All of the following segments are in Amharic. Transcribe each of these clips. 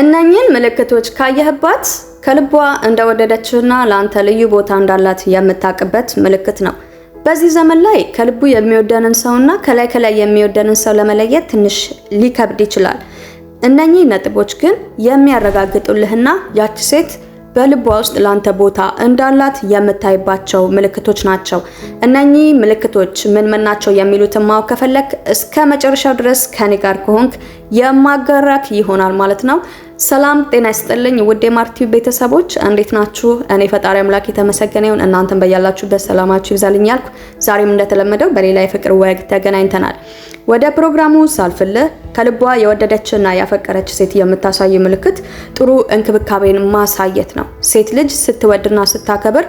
እነኚህን ምልክቶች ካየህባት ከልቧ እንደወደደችህና ለአንተ ልዩ ቦታ እንዳላት የምታውቅበት ምልክት ነው። በዚህ ዘመን ላይ ከልቡ የሚወደንን ሰውና ከላይ ከላይ የሚወደንን ሰው ለመለየት ትንሽ ሊከብድ ይችላል። እነኚህ ነጥቦች ግን የሚያረጋግጡልህና ያቺ ሴት በልቧ ውስጥ ላንተ ቦታ እንዳላት የምታይባቸው ምልክቶች ናቸው። እነኚህ ምልክቶች ምን ምን ናቸው የሚሉትን ማወቅ ከፈለክ እስከ መጨረሻው ድረስ ከኔ ጋር ከሆንክ የማጋራክ ይሆናል ማለት ነው። ሰላም ጤና ይስጥልኝ ውድ የማርቲ ቤተሰቦች እንዴት ናችሁ? እኔ ፈጣሪ አምላክ የተመሰገነ ይሁን፣ እናንተም በያላችሁበት ሰላማችሁ ይብዛልኝ ያልኩ ዛሬም እንደተለመደው በሌላ የፍቅር ወግ ተገናኝተናል። ወደ ፕሮግራሙ ሳልፍልህ ከልቧ የወደደችና ያፈቀረች ሴት የምታሳይ ምልክት ጥሩ እንክብካቤን ማሳየት ነው። ሴት ልጅ ስትወድና ስታከብር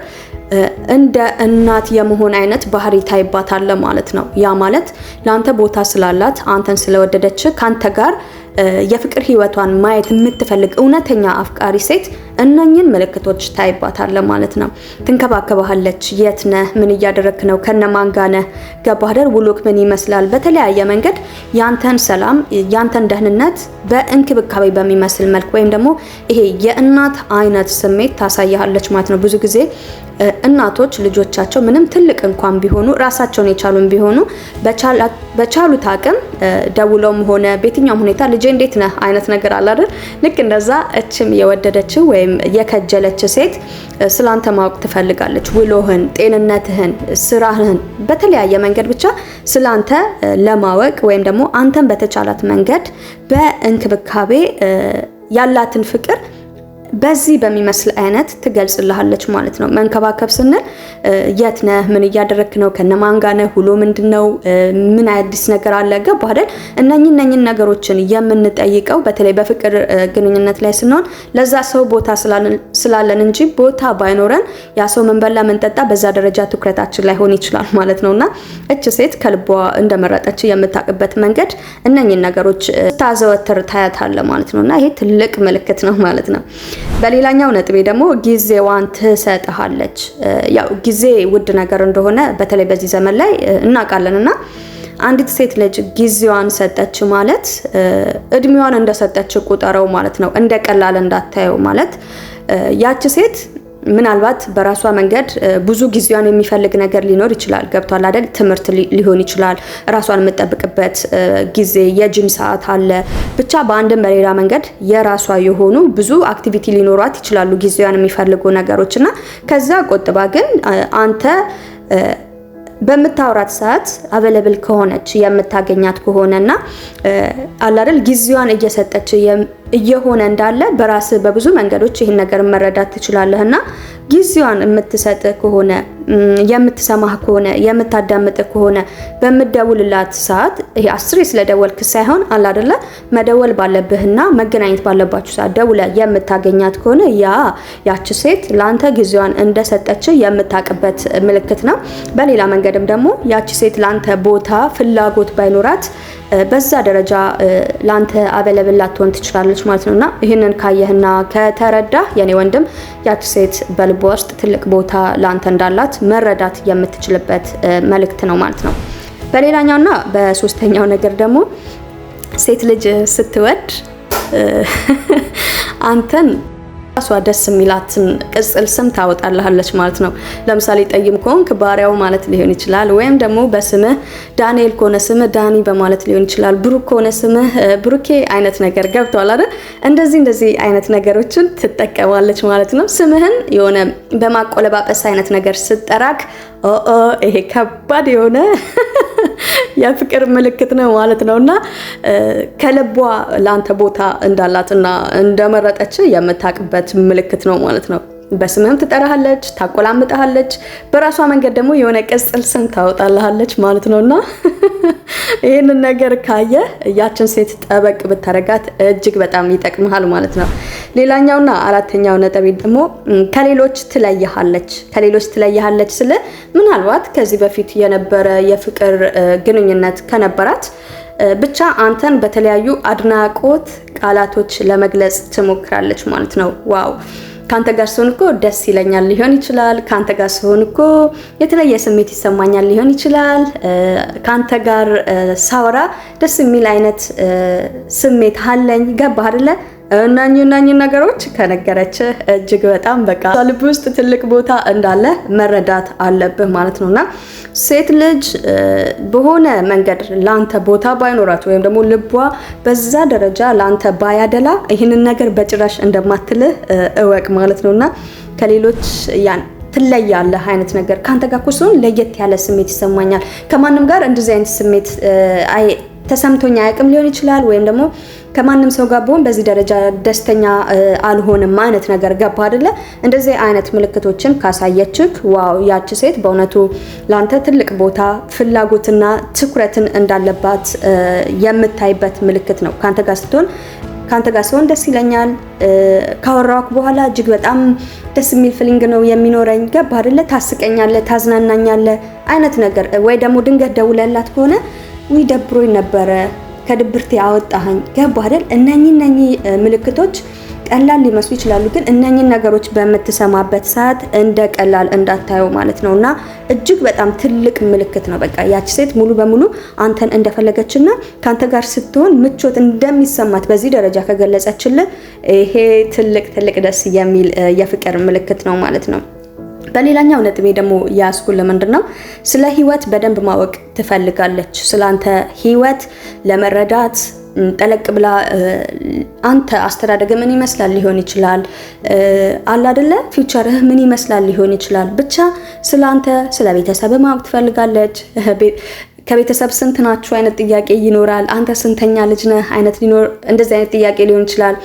እንደ እናት የመሆን አይነት ባህሪ ታይባታለ ማለት ነው። ያ ማለት ለአንተ ቦታ ስላላት አንተን ስለወደደች ከአንተ ጋር የፍቅር ህይወቷን ማየት የምትፈልግ እውነተኛ አፍቃሪ ሴት እነኝን ምልክቶች ታይባታለ ማለት ነው። ትንከባከባለች፣ የት ነህ? ምን እያደረክ ነው? ከነማን ጋር ነህ? ገባህ አይደል? ውሎክ ምን ይመስላል? በተለያየ መንገድ ያንተን ሰላም ያንተን ደህንነት በእንክብካቤ በሚመስል መልክ ወይም ደግሞ ይሄ የእናት አይነት ስሜት ታሳያለች ማለት ነው። ብዙ ጊዜ እናቶች ልጆቻቸው ምንም ትልቅ እንኳን ቢሆኑ ራሳቸውን የቻሉን ቢሆኑ በቻሉት አቅም ደውለውም ሆነ በየትኛውም ሁኔታ ልጄ እንዴት ነህ አይነት ነገር አለ አይደል? ልክ እንደዛ እችም የወደደችው ወይም ወይም የከጀለች ሴት ስላንተ ማወቅ ትፈልጋለች። ውሎህን፣ ጤንነትህን፣ ስራህን በተለያየ መንገድ ብቻ ስላንተ ለማወቅ ወይም ደግሞ አንተን በተቻላት መንገድ በእንክብካቤ ያላትን ፍቅር በዚህ በሚመስል አይነት ትገልጽልሃለች ማለት ነው። መንከባከብ ስንል የት ነህ፣ ምን እያደረክ ነው፣ ከነማን ጋር ነህ፣ ውሎ ምንድነው፣ ምን አዲስ ነገር አለ፣ ገባህ አይደል? እነኝን ነገሮችን የምንጠይቀው በተለይ በፍቅር ግንኙነት ላይ ስንሆን ለዛ ሰው ቦታ ስላለን እንጂ ቦታ ባይኖረን ያ ሰው መንበላ መንጠጣ በዛ ደረጃ ትኩረታችን ላይሆን ይችላል ማለት ነውና እች ሴት ከልቧ እንደመረጠች የምታውቅበት መንገድ እነኝን ነገሮች ታዘወትር ታያታለ ማለት እና ይሄ ትልቅ ምልክት ነው ማለት ነው። በሌላኛው ነጥቤ ደግሞ ጊዜዋን ትሰጥሃለች። ያው ጊዜ ውድ ነገር እንደሆነ በተለይ በዚህ ዘመን ላይ እናውቃለን እና አንዲት ሴት ልጅ ጊዜዋን ሰጠች ማለት እድሜዋን እንደሰጠች ቁጠረው ማለት ነው። እንደ ቀላል እንዳታየው ማለት ያቺ ሴት ምናልባት በራሷ መንገድ ብዙ ጊዜዋን የሚፈልግ ነገር ሊኖር ይችላል። ገብቷል አይደል? ትምህርት ሊሆን ይችላል፣ ራሷን የምጠብቅበት ጊዜ፣ የጅም ሰዓት አለ። ብቻ በአንድም በሌላ መንገድ የራሷ የሆኑ ብዙ አክቲቪቲ ሊኖሯት ይችላሉ፣ ጊዜዋን የሚፈልጉ ነገሮች እና ከዛ ቆጥባ ግን አንተ በምታውራት ሰዓት አቬለብል ከሆነች የምታገኛት ከሆነና አላደል ጊዜዋን እየሰጠች እየሆነ እንዳለ በራስ በብዙ መንገዶች ይህን ነገር መረዳት ትችላለህ እና ጊዜዋን የምትሰጥ ከሆነ የምትሰማህ ከሆነ የምታዳምጥ ከሆነ በምደውልላት ሰዓት ይሄ አስሬ ስለደወልክ ሳይሆን አለ አይደለ መደወል ባለብህና መገናኘት ባለባችሁ ሰዓት ደውለ የምታገኛት ከሆነ ያ ያች ሴት ለአንተ ጊዜዋን እንደሰጠች የምታቅበት ምልክት ነው። በሌላ መንገድም ደግሞ ያች ሴት ለአንተ ቦታ ፍላጎት ባይኖራት በዛ ደረጃ ለአንተ አበለብል ላትሆን ትችላለች ማለት ነው። እና ይህንን ካየህና ከተረዳህ የኔ ወንድም ያች ሴት በልቦ ውስጥ ትልቅ ቦታ ለአንተ እንዳላት መረዳት የምትችልበት መልእክት ነው ማለት ነው። በሌላኛውና በሶስተኛው ነገር ደግሞ ሴት ልጅ ስትወድ አንተን ራሷ ደስ የሚላትን ቅጽል ስም ታወጣልሃለች ማለት ነው። ለምሳሌ ጠይም ከሆንክ ባሪያው ማለት ሊሆን ይችላል። ወይም ደግሞ በስምህ ዳንኤል ከሆነ ስምህ ዳኒ በማለት ሊሆን ይችላል። ብሩክ ከሆነ ስምህ ብሩኬ አይነት ነገር ገብቷል አይደል? እንደዚህ እንደዚህ አይነት ነገሮችን ትጠቀማለች ማለት ነው። ስምህን የሆነ በማቆለባበስ አይነት ነገር ስጠራክ ኦ ይሄ ከባድ የሆነ የፍቅር ምልክት ነው ማለት ነው እና ከልቧ ለአንተ ቦታ እንዳላትና እንደመረጠች የምታውቅበት ምልክት ነው ማለት ነው። በስምህም ትጠራሃለች፣ ታቆላምጠሃለች፣ በራሷ መንገድ ደግሞ የሆነ ቅጽል ስም ታወጣልሃለች ማለት ነውና ይህንን ነገር ካየ ያችን ሴት ጠበቅ ብታረጋት እጅግ በጣም ይጠቅምሃል ማለት ነው። ሌላኛውና አራተኛው ነጥቤ ደግሞ ከሌሎች ትለይሃለች። ከሌሎች ትለይሃለች ስለ ምናልባት ከዚህ በፊት የነበረ የፍቅር ግንኙነት ከነበራት ብቻ አንተን በተለያዩ አድናቆት ቃላቶች ለመግለጽ ትሞክራለች ማለት ነው። ዋው ከአንተ ጋር ስሆን እኮ ደስ ይለኛል ሊሆን ይችላል። ከአንተ ጋር ስሆን እኮ የተለየ ስሜት ይሰማኛል ሊሆን ይችላል። ከአንተ ጋር ሳወራ ደስ የሚል አይነት ስሜት አለኝ። ገባህ አይደለ? እነኝ እናኝ ነገሮች ከነገረች እጅግ በጣም በቃ ልብ ውስጥ ትልቅ ቦታ እንዳለ መረዳት አለብህ ማለት ነውና ሴት ልጅ በሆነ መንገድ ላንተ ቦታ ባይኖራት ወይም ደግሞ ልቧ በዛ ደረጃ ላንተ ባያደላ ይህንን ነገር በጭራሽ እንደማትልህ እወቅ ማለት ነውና ከሌሎች ያን ትለያለህ አይነት ነገር ከአንተ ጋር እኮ ሲሆን ለየት ያለ ስሜት ይሰማኛል። ከማንም ጋር እንደዚህ አይነት ስሜት ተሰምቶኝ አያውቅም ሊሆን ይችላል ወይም ደግሞ ከማንም ሰው ጋር ብሆን በዚህ ደረጃ ደስተኛ አልሆንም አይነት ነገር ገባ አይደለ? እንደዚህ አይነት ምልክቶችን ካሳየችክ ዋው ያቺ ሴት በእውነቱ ላንተ ትልቅ ቦታ ፍላጎትና ትኩረትን እንዳለባት የምታይበት ምልክት ነው። ካንተ ጋር ስትሆን ካንተ ጋር ሲሆን ደስ ይለኛል። ካወራክ በኋላ እጅግ በጣም ደስ የሚል ፊሊንግ ነው የሚኖረኝ። ገባ አይደለ? ታስቀኛለ፣ ታዝናናኛለ አይነት ነገር ወይ ደግሞ ድንገት ደውለላት ከሆነ ውይ ደብሮኝ ነበረ ከድብርት ያወጣኸኝ። ገባ አይደል? እነኚህ እነኚህ ምልክቶች ቀላል ሊመስሉ ይችላሉ፣ ግን እነኚህን ነገሮች በምትሰማበት ሰዓት እንደ ቀላል እንዳታየው ማለት ነው። እና እጅግ በጣም ትልቅ ምልክት ነው። በቃ ያቺ ሴት ሙሉ በሙሉ አንተን እንደፈለገችና ከአንተ ጋር ስትሆን ምቾት እንደሚሰማት በዚህ ደረጃ ከገለጸችልህ ይሄ ትልቅ ትልቅ ደስ የሚል የፍቅር ምልክት ነው ማለት ነው። በሌላኛው ነጥቤ ደግሞ ያስኩ ለምንድን ነው ስለ ህይወት በደንብ ማወቅ ትፈልጋለች። ስለአንተ ህይወት ለመረዳት ጠለቅ ብላ አንተ አስተዳደግ ምን ይመስላል ሊሆን ይችላል፣ አላደለ አይደለ ፊውቸርህ ምን ይመስላል ሊሆን ይችላል። ብቻ ስለ አንተ ስለ ቤተሰብ ማወቅ ትፈልጋለች። ከቤተሰብ ስንት ናችሁ አይነት ጥያቄ ይኖራል። አንተ ስንተኛ ልጅ ነህ አይነት ሊኖር እንደዚህ አይነት ጥያቄ ሊሆን ይችላል።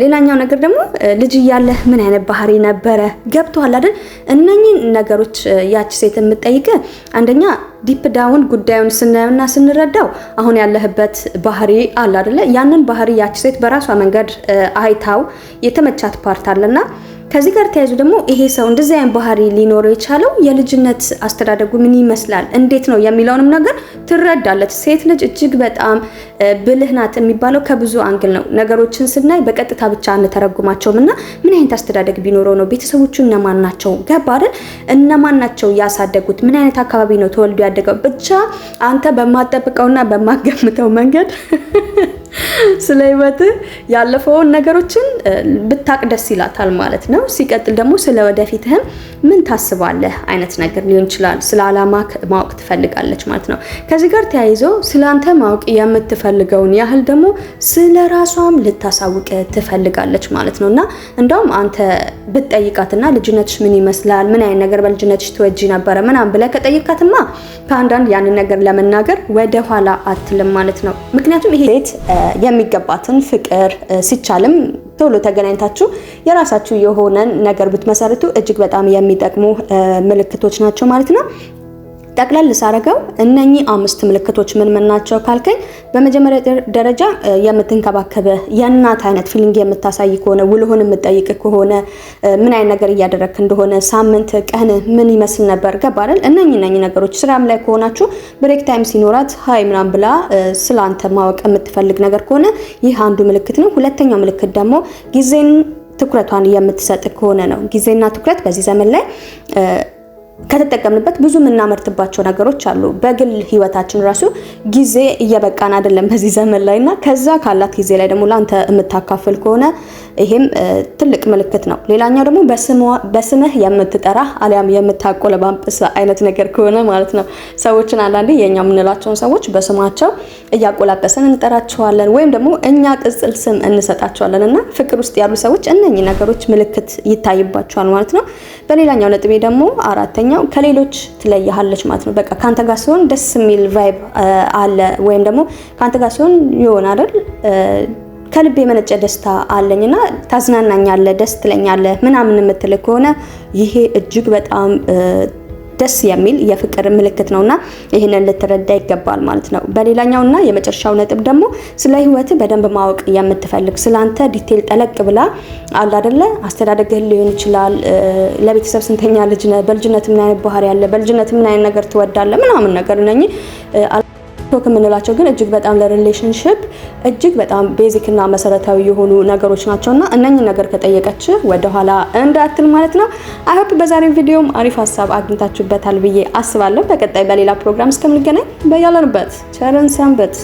ሌላኛው ነገር ደግሞ ልጅ እያለ ምን አይነት ባህሪ ነበረ? ገብቶሃል አይደል? እነኚህ ነገሮች ያች ሴት የምትጠይቀ አንደኛ ዲፕ ዳውን ጉዳዩን ስናየውና ስንረዳው አሁን ያለህበት ባህሪ አለ አይደለ? ያንን ባህሪ ያች ሴት በራሷ መንገድ አይታው የተመቻት ፓርት አለና ከዚህ ጋር ተያይዞ ደግሞ ይሄ ሰው እንደዚህ አይነት ባህሪ ሊኖረው የቻለው የልጅነት አስተዳደጉ ምን ይመስላል እንዴት ነው የሚለውንም ነገር ትረዳለት። ሴት ልጅ እጅግ በጣም ብልህ ናት የሚባለው ከብዙ አንግል ነው። ነገሮችን ስናይ በቀጥታ ብቻ አንተረጉማቸውም እና ምን አይነት አስተዳደግ ቢኖረው ነው ቤተሰቦቹ እነማን ናቸው ገባ አይደል? እነማን ናቸው ያሳደጉት? ምን አይነት አካባቢ ነው ተወልዶ ያደገው? ብቻ አንተ በማጠብቀውና በማገምተው መንገድ ስለ ህይወት ያለፈውን ነገሮችን ብታቅ ደስ ይላታል ማለት ነው። ሲቀጥል ደግሞ ስለ ወደፊትህም ምን ታስባለህ አይነት ነገር ሊሆን ይችላል። ስለ አላማ ማወቅ ትፈልጋለች ማለት ነው። ከዚህ ጋር ተያይዞ ስለ አንተ ማወቅ የምትፈልገውን ያህል ደግሞ ስለ ራሷም ልታሳውቅ ትፈልጋለች ማለት ነው እና እንደውም አንተ ብትጠይቃትና ልጅነትሽ ምን ይመስላል፣ ምን አይነት ነገር በልጅነትሽ ትወጂ ነበረ ምናምን ብለህ ከጠይቃትማ ከአንዳንድ ያንን ነገር ለመናገር ወደኋላ አትልም ማለት ነው። ምክንያቱም ይሄ የሚገባትን ፍቅር ሲቻልም ቶሎ ተገናኝታችሁ የራሳችሁ የሆነን ነገር ብትመሰርቱ እጅግ በጣም የሚጠቅሙ ምልክቶች ናቸው ማለት ነው። ጠቅለል ሳረገው እነኚህ አምስት ምልክቶች ምን ምን ናቸው ካልከኝ፣ በመጀመሪያ ደረጃ የምትንከባከበ የእናት አይነት ፊሊንግ የምታሳይ ከሆነ ውልሆን የምጠይቅ ከሆነ ምን አይነት ነገር እያደረግክ እንደሆነ ሳምንት፣ ቀን ምን ይመስል ነበር ገባረል እነኚህ እነኚህ ነገሮች። ስራም ላይ ከሆናችሁ ብሬክ ታይም ሲኖራት ሀይ ምናም ብላ አንተ ማወቅ የምትፈልግ ነገር ከሆነ ይህ አንዱ ምልክት ነው። ሁለተኛው ምልክት ደግሞ ጊዜን ትኩረቷን የምትሰጥ ከሆነ ነው። ጊዜና ትኩረት በዚህ ዘመን ላይ ከተጠቀምንበት ብዙ የምናመርትባቸው ነገሮች አሉ። በግል ህይወታችን ራሱ ጊዜ እየበቃን አይደለም በዚህ ዘመን ላይ እና ከዛ ካላት ጊዜ ላይ ደግሞ ለአንተ የምታካፍል ከሆነ ይሄም ትልቅ ምልክት ነው። ሌላኛው ደግሞ በስምህ የምትጠራ አሊያም የምታቆለባብስ አይነት ነገር ከሆነ ማለት ነው። ሰዎችን አንዳንዴ የኛ የምንላቸውን ሰዎች በስማቸው እያቆላበስን እንጠራቸዋለን ወይም ደግሞ እኛ ቅጽል ስም እንሰጣቸዋለን እና ፍቅር ውስጥ ያሉ ሰዎች እነኚህ ነገሮች ምልክት ይታይባቸዋል ማለት ነው። በሌላኛው ነጥቤ ደግሞ አራተኛው ከሌሎች ትለያለች ማለት ነው። በቃ ከአንተ ጋር ሲሆን ደስ የሚል ቫይብ አለ ወይም ደግሞ ከአንተ ጋር ሲሆን ይሆን አይደል ከልብ የመነጨ ደስታ አለኝና ታዝናናኛለህ፣ ደስ ትለኛለህ ምናምን የምትል ከሆነ ይሄ እጅግ በጣም ደስ የሚል የፍቅር ምልክት ነውና ይህንን ልትረዳ ይገባል ማለት ነው። በሌላኛውና የመጨረሻው ነጥብ ደግሞ ስለ ህይወት በደንብ ማወቅ የምትፈልግ ስለአንተ ዲቴል ጠለቅ ብላ አለ አደለ አስተዳደግህን ሊሆን ይችላል። ለቤተሰብ ስንተኛ ልጅ ነህ፣ በልጅነት ምን አይነት ባህሪ ያለ፣ በልጅነት ምን አይነት ነገር ትወዳለህ ምናምን ነገር ነኝ ቲክቶክ የምንላቸው ግን እጅግ በጣም ለሪሌሽንሽፕ እጅግ በጣም ቤዚክ እና መሰረታዊ የሆኑ ነገሮች ናቸውና እነኝን ነገር ከጠየቀች ወደኋላ እንዳትል ማለት ነው። አይሆፕ በዛሬው ቪዲዮም አሪፍ ሀሳብ አግኝታችሁበታል ብዬ አስባለሁ። በቀጣይ በሌላ ፕሮግራም እስከምንገናኝ በያለንበት ቸርን ሰንበት